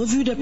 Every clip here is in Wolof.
revue de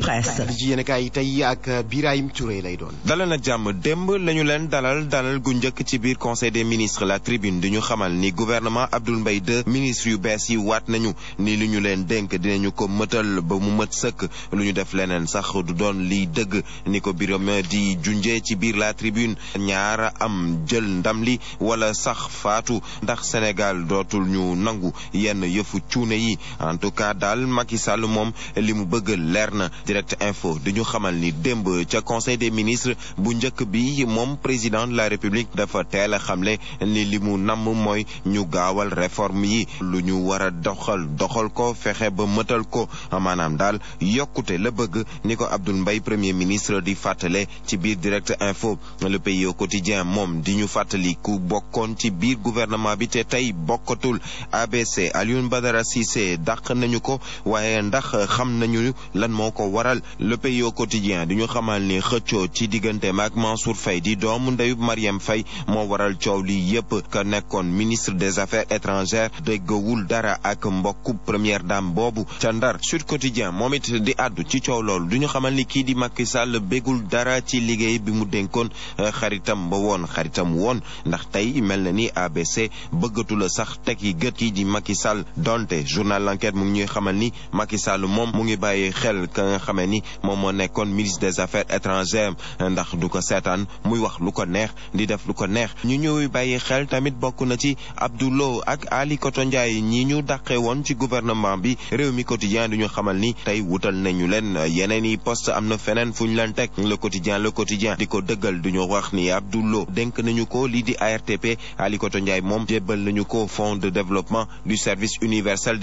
yi tey ak euh, Birahim Touré lay doon. dalal na jàmm démb la ñu leen dalal dalal gu njëkk ci biir conseil de ministre la tribune di ñu xamal ni gouvernement Abdoul Mbaye II ministre yu bees yi waat nañu ni lu ñu leen dénk dinañu ko mëtal ba mu mët sëkk lu ñu def leneen sax du doon liy dëgg ni ko Birame di junjee ci biir la tribune ñaar am jël ndam li wala sax faatu ndax Sénégal dootul ñu nangu yenn yëfu cuune yi en tout daal Macky moom li mu bëgg leer leer na direct info di ñu xamal ni démb ca conseil des ministres bu njëkk bi moom président de la république dafa teel a xamle ni li mu namm mooy ñu gaawal réforme yi lu ñu war a doxal doxal ko fexe ba mëtal ko maanaam daal yokkute la bëgg ni ko Abdoul Mbaye premier ministre di fàttale ci biir direct info le pays au quotidien moom di ñu fàttali ku bokkoon ci biir gouvernement bi te tey bokkatul ABC Alioune Badara Cissé dàq nañu ko waaye ndax xam nañu lan moo ko waral le pays au quotidien di ñu xamal ni xëccoo ci diggante maak Mansour Faye di doomu ndeyub Mariam Faye moo waral coow li yépp ka nekkoon ministre des affaires étrangères déggawul dara ak mbokku première dame boobu ca Ndar Sud Quotidien moom it di àddu ci coow loolu duñu xamal ni kii di Macky Sall bégul dara ci liggéey bi mu dénkoon eh, xaritam ba woon xaritam woon ndax tey mel na ni ABC bëggatu la sax teg yi gët kii di Macky Sall donte journal L'Enquête mu ngi ñuy xamal ni Macky Sall moom mu ngi bàyyi xel xel ka nga xamee ni moom moo nekkoon ministre des affaires étrangères ndax du ko seetaan muy wax lu ko neex di def lu ko neex ñu ñëw bàyyi xel tamit bokk na ci Abdou Lo ak Ali Koto ñi ñu dàqe woon ci gouvernement bi réew mi quotidien du ñu xamal ni tey wutal nañu leen yeneen yi poste am na feneen fu ñu leen teg le quotidien le quotidien di ko dëggal du ñu wax ni Abdou Lo dénk nañu ko lii di ARTP Ali Koto Ndiaye moom jébbal nañu ko fonds de développement du service universel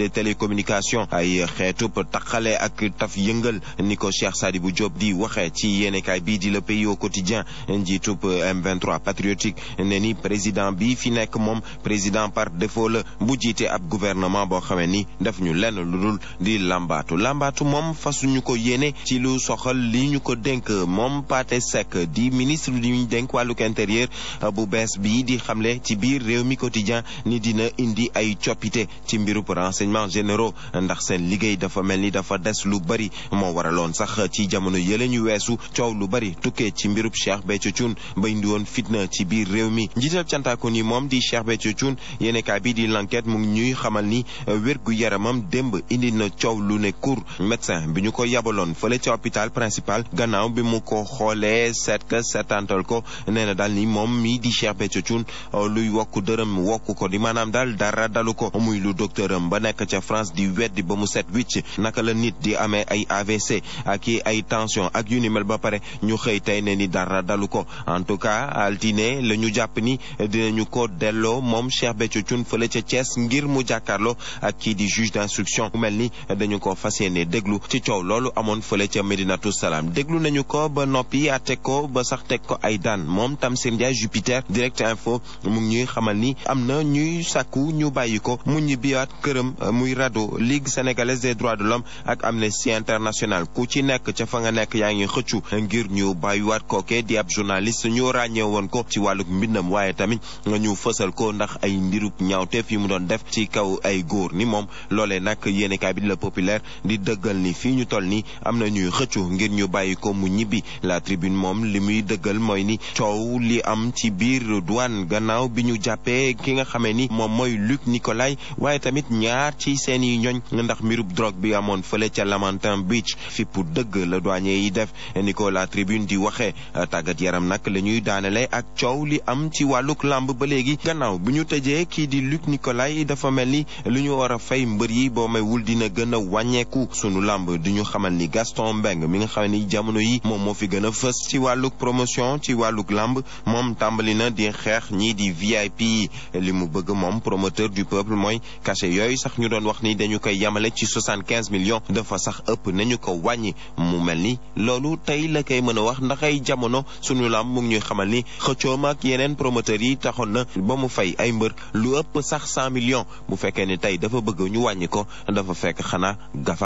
yëngal ni ko Cheikh bu Diop di waxee ci yéenekaay bii di la pays au quotidien njiitub m patriotique ne ni président bi fi nekk moom président par défaut la bu jiite ab gouvernement boo xamee ni def ñu lenn lu dul di lambaatu lambaatu moom fasuñu ko yéene ci lu soxal li ñu ko dénk moom Pathé Seck di ministre di ñu dénk wàlluk intérieur bu bees bii di xamle ci biir réew mi quotidien ni dina indi ay coppite ci mbirub renseignements généraux ndax seen liggéey dafa mel ni dafa des lu bari moo waraloon sax ci jamono yële ñu weesu coow lu bari tukkee ci mbirub Cheikh Béthio Thioune ba indi woon fitna ci biir réew mi njiital cantaakon yi moom di Cheikh Béthio Thioune yéenekaay bi di l'enquête mu ngi ñuy xamal ni euh, wér yaramam démb indi na coow lu ne kur médecin bi ñu ko yabaloon fële ca hôpital principal gannaaw bi mu ko xoolee seet ka seetantal ko nee na daal ni moom mii di Cheikh Béthio Thioune euh, luy wokk dërëm wokk ko di maanaam daal dara dalu ko muy lu docteur ba nekk ca France di ba mu set ay AVC ak i ay tension ak yu ni mel ba pare ñu xëy tey ne ni dara dalu ko en tout cas altine la ñu jàpp ni dina ñu ko delloo moom Cheikh Béthio Thioune fële ca Thiès ngir mu jàkkaarloo ak kii di juge d'instruction mu mel ni dañu ko fas ne déglu ci coow loolu amoon fële ca Médinatoul salaam déglu nañu ko ba noppi àtte ko ba sax teg ko ay daan moom Tamsir Ndiaye Jupiter Direct Info mu ñuy xamal ni am na ñuy sàkku ñu bàyyi ko mu ñibbiwaat këram muy rajo Ligue sénégalaise des de l'homme ak Amnesty International international ku ci nekk ca fa nga nekk yaa ngi xëccu ngir ñu bàyyiwaat kooke di ab journaliste ñu ràññee woon ko ci wàlluk mbindam waaye tamit nga ñu fësal ko ndax ay mbirub ñaawteef yi mu doon def ci kaw ay góor ni moom loolee nag yéenekaay bi di la populaire di dëggal ni fi ñu toll ni am na ñuy xëccu ngir ñu bàyyi ko mu ñibbi la tribune moom li muy dëggal mooy ni coow li am ci biir douane gannaaw bi ñu jàppee ki nga xamee ni moom mooy Luc Nicolaï waaye tamit Beach fippu dëgg la douanier yi def ni ko la tribune di waxee tàggat yaram nag la ñuy daanale ak coow li am ci wàlluk làmb ba léegi gannaaw bu ñu tëjee kii di Luc Nicolaï dafa mel ni lu ñu war a fay mbër yi boo maywul dina gën a wàññeeku sunu làmb di ñu xamal ni Gaston mbeng mi nga xam ni jamono yi moom moo fi gën a fës ci wàlluk promotion ci wàlluk làmb moom tàmbali na di xeex ñii di VIP yi li mu bëgg moom promoteur du peuple mooy cachet yooyu sax ñu doon wax ni dañu koy yamale ci soixante-quinze millions nañu ko wàññi mu mel ni loolu tey la koy mën a wax ndax ay jamono sunu lam mu ngi ñuy xamal ni xëccoom ak yeneen promoteurs yi taxoon na ba mu fay ay mbër lu ëpp sax cent million bu fekkee ne tey dafa bëgg ñu wàññi ko dafa fekk xanaa gafa